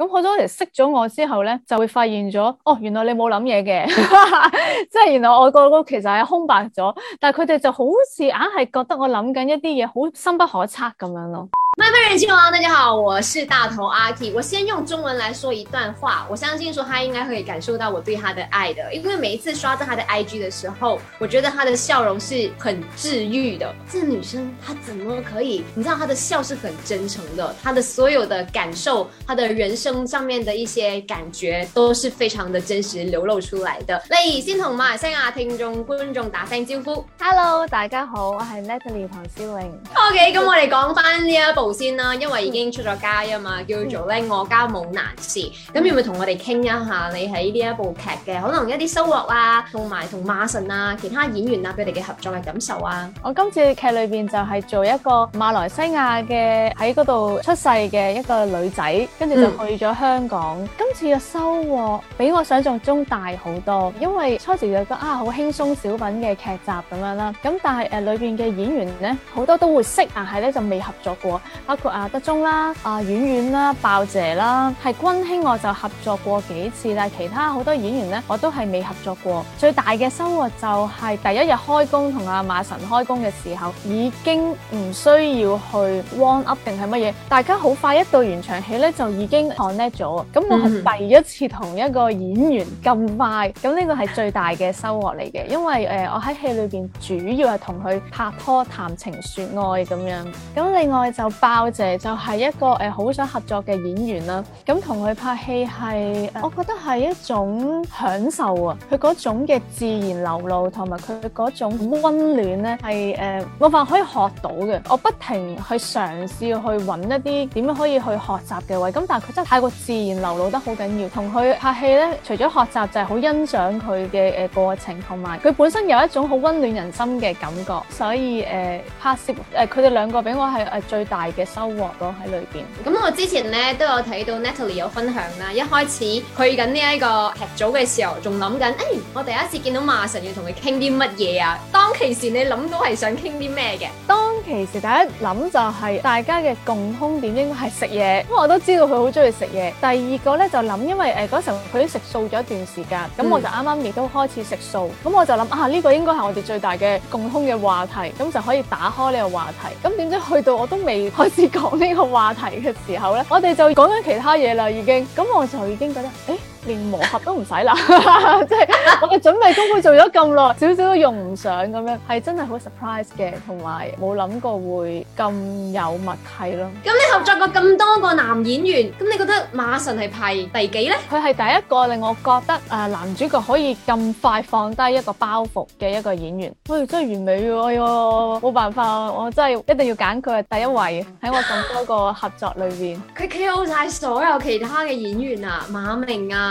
咁好多時識咗我之後呢，就會發現咗，哦，原來你冇諗嘢嘅，即 係原來我個腦其實係空白咗，但佢哋就好似硬係覺得我諗緊一啲嘢好深不可測咁樣咯。慢慢人情哦，大家好，我是大頭阿 K。我先用中文來說一段話，我相信說他應該可以感受到我對他的愛的，因為每一次刷到他的 IG 的時候，我覺得他的笑容是很治愈的。這女生她怎麼可以？你知道她的笑是很真誠的，她的所有的感受，她的人生上面的一些感覺都是非常的真實流露出來的。那來，同馬來西亞聽眾觀眾打聲招呼，Hello，大家好，我是 Natalie 黃詩穎。O K，咁我哋講翻呢一部。先啦，因為已經出咗街啊嘛，叫做咧我家冇難事。咁、嗯、要唔要同我哋傾一下你喺呢一部劇嘅、嗯、可能一啲收穫啊，同埋同馬神啊、其他演員啊佢哋嘅合作嘅感受啊？我今次劇裏面就係做一個馬來西亞嘅喺嗰度出世嘅一個女仔，跟住就去咗香港。嗯、今次嘅收穫比我想象中大好多，因為初時就覺得啊好輕鬆小品嘅劇集咁樣啦。咁但係誒裏邊嘅演員咧好多都會識，但係咧就未合作過。包括阿德忠啦、阿婉婉啦、爆姐啦，係君卿我就合作過幾次啦，但其他好多演員咧，我都係未合作過。最大嘅收穫就係第一日開工同阿馬神開工嘅時候，已經唔需要去 warm up 定係乜嘢，大家好快一到完場戲咧，就已經 connect 咗。咁我係第一次同一個演員咁快，咁呢個係最大嘅收穫嚟嘅，因為誒、呃、我喺戲裏邊主要係同佢拍拖談情説愛咁樣。咁另外就。包姐就係一個誒好想合作嘅演員啦，咁同佢拍戲係，我覺得係一種享受啊！佢嗰種嘅自然流露同埋佢嗰種温暖咧，係誒冇法可以學到嘅。我不停去嘗試去揾一啲點樣可以去學習嘅位，咁但係佢真係太過自然流露得好緊要。同佢拍戲咧，除咗學習就係、是、好欣賞佢嘅誒過程同埋佢本身有一種好温暖人心嘅感覺，所以誒、呃、拍攝誒佢哋兩個俾我係誒最大。嘅收穫咯，喺裏邊。咁我之前咧都有睇到 Natalie 有分享啦。一開始去緊呢一個劇組嘅時候，仲諗緊誒，我第一次見到馬神要同佢傾啲乜嘢啊？當其時你諗到係想傾啲咩嘅？其實第一諗就係、是、大家嘅共通點應該係食嘢，因為我都知道佢好中意食嘢。第二個咧就諗，因為誒嗰時候佢都食素咗一段時間，咁、嗯、我就啱啱亦都開始食素，咁我就諗啊呢、這個應該係我哋最大嘅共通嘅話題，咁就可以打開呢個話題。咁點知去到我都未開始講呢個話題嘅時候咧，我哋就講緊其他嘢啦，已經咁我就已經覺得誒。 連磨合都唔使啦，即係我嘅準備功夫做咗咁耐，少少都用唔上咁樣，係真係好 surprise 嘅，同埋冇諗過會咁有默契囉。咁你合作過咁多個男演員，咁你覺得馬神係排第幾呢？佢係第一個令我覺得男主角可以咁快放低一個包袱嘅一個演員。喂、哎，真係完美喎、啊！哎喎，冇辦法、啊，我真係一定要揀佢第一位喺我咁多個合作裏面，佢 KO 曬所有其他嘅演員啊，馬明啊！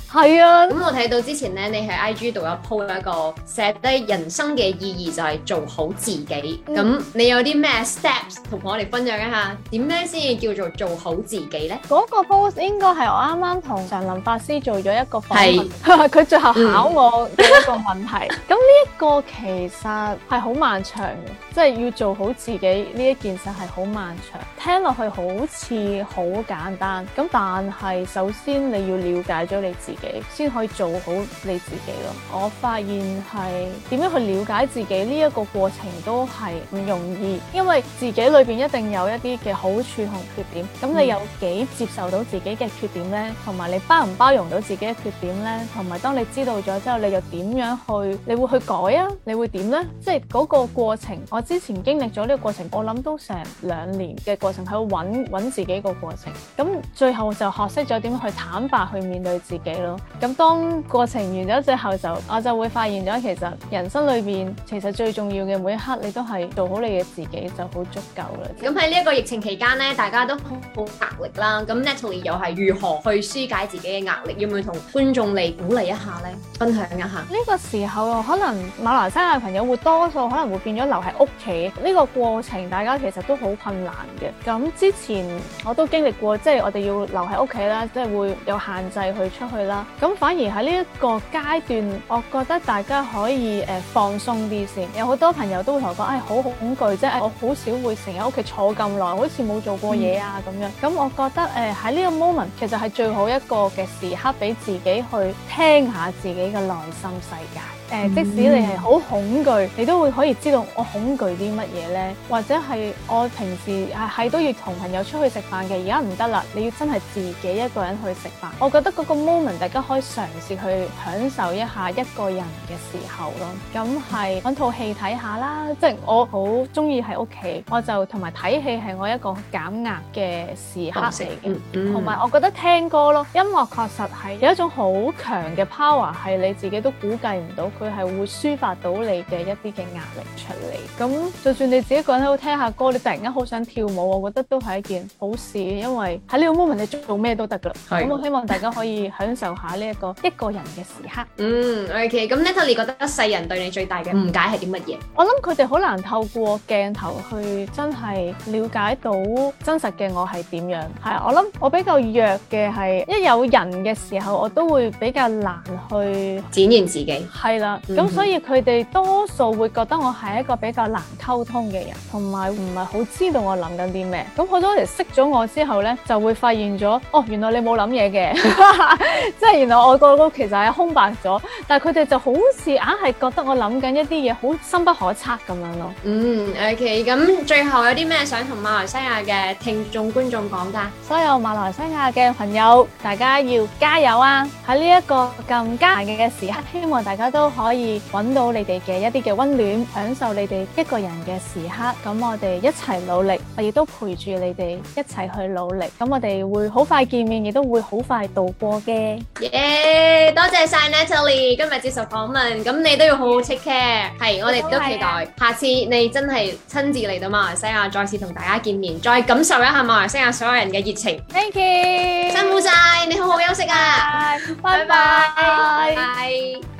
係啊，咁我睇到之前咧，你喺 IG 度有鋪一個寫低人生嘅意義就係做好自己。咁、嗯、你有啲咩 steps 同我哋分享一下？點咩先至叫做做好自己呢？嗰、那個 post 應該係我啱啱同常林法師做咗一個訪問，佢 最後考、嗯、我一個問題。咁呢一個其實係好漫長嘅，即、就、係、是、要做好自己呢一件事係好漫長。聽落去好似好簡單，咁但係首先你要了解咗你自己。先可以做好你自己咯。我發現係點樣去了解自己呢一個過程都係唔容易，因為自己裏邊一定有一啲嘅好處同缺點。咁你有幾接受到自己嘅缺點咧？同、嗯、埋你包唔包容到自己嘅缺點咧？同埋當你知道咗之後，你又點樣去？你會去改啊？你會點咧？即係嗰個過程，我之前經歷咗呢個過程，我諗都成兩年嘅過程喺度揾揾自己個過程。咁最後就學識咗點樣去坦白去面對自己咯。咁當過程完咗之後，就，我就會發現咗其實人生裏邊其實最重要嘅，每一刻，你都係做好你嘅自己就好足夠啦。咁喺呢一個疫情期間咧，大家都好壓力啦。咁 Natalie 又係如何去紓解自己嘅壓力？要唔要同觀眾嚟，鼓勵一下咧？分享一下呢個時候，可能馬來西亞朋友會多數可能會變咗留喺屋企。呢個過程大家其實都好困難嘅。咁之前我都經歷過，即係我哋要留喺屋企啦，即係會有限制去出去啦。咁反而喺呢一個階段，我覺得大家可以誒放鬆啲先。有好多朋友都會同我講，誒、哎、好恐懼，即係我好少會成日喺屋企坐咁耐，好似冇做過嘢啊咁樣。咁我覺得誒喺呢個 moment，其實係最好一個嘅時刻，俾自己去聽下自己嘅內心世界。誒、呃，即使你係好恐懼，嗯，你都會可以知道我恐懼啲乜嘢咧？或者係我平時係係都要同朋友出去食飯嘅，而家唔得啦，你要真係自己一個人去食飯，我覺得嗰個 moment 大家可以嘗試去享受一下一個人嘅時候咯。咁係揾套戲睇下啦，即、就、係、是、我好中意喺屋企，我就同埋睇戲係我一個減壓嘅時刻嚟嘅。同、嗯、埋、嗯、我覺得聽歌咯，音樂確實係有一種好強嘅 power，係你自己都估計唔到。佢係會抒發到你嘅一啲嘅壓力出嚟，咁就算你自己一個人喺度聽下歌，你突然間好想跳舞，我覺得都係一件好事，因為喺呢個 moment 你做咩都得噶啦。咁我希望大家可以享受下呢一個一個人嘅時刻。嗯，OK。咁 Natalie 覺得一世人對你最大嘅誤解係啲乜嘢？我諗佢哋好難透過鏡頭去真係了解到真實嘅我係點樣，係，我諗我比較弱嘅係一有人嘅時候，我都會比較難去展現自己。係啦。咁、嗯、所以佢哋多數會覺得我係一個比較難溝通嘅人，同埋唔係好知道我諗緊啲咩。咁好多時識咗我之後咧，就會發現咗哦，原來你冇諗嘢嘅，即 係原來我個個其實係空白咗。但係佢哋就好似硬係覺得我諗緊一啲嘢好深不可測咁樣咯。嗯，OK 咁最後有啲咩想同馬來西亞嘅聽眾觀眾講㗎？所有馬來西亞嘅朋友，大家要加油啊！喺呢一個咁艱難嘅嘅時刻，希望大家都～可以揾到你哋嘅一啲嘅溫暖，享受你哋一個人嘅時刻。咁我哋一齊努力，我亦都陪住你哋一齊去努力。咁我哋會好快見面，亦都會好快度過嘅。耶！多謝晒 Natalie 今日接受訪問。咁你都要好好 take care。係，我哋都期待下次你真係親自嚟到馬來西亞，再次同大家見面，再感受一下馬來西亞所有人嘅熱情。Thank you，辛苦晒，你好好休息啊！拜拜拜拜。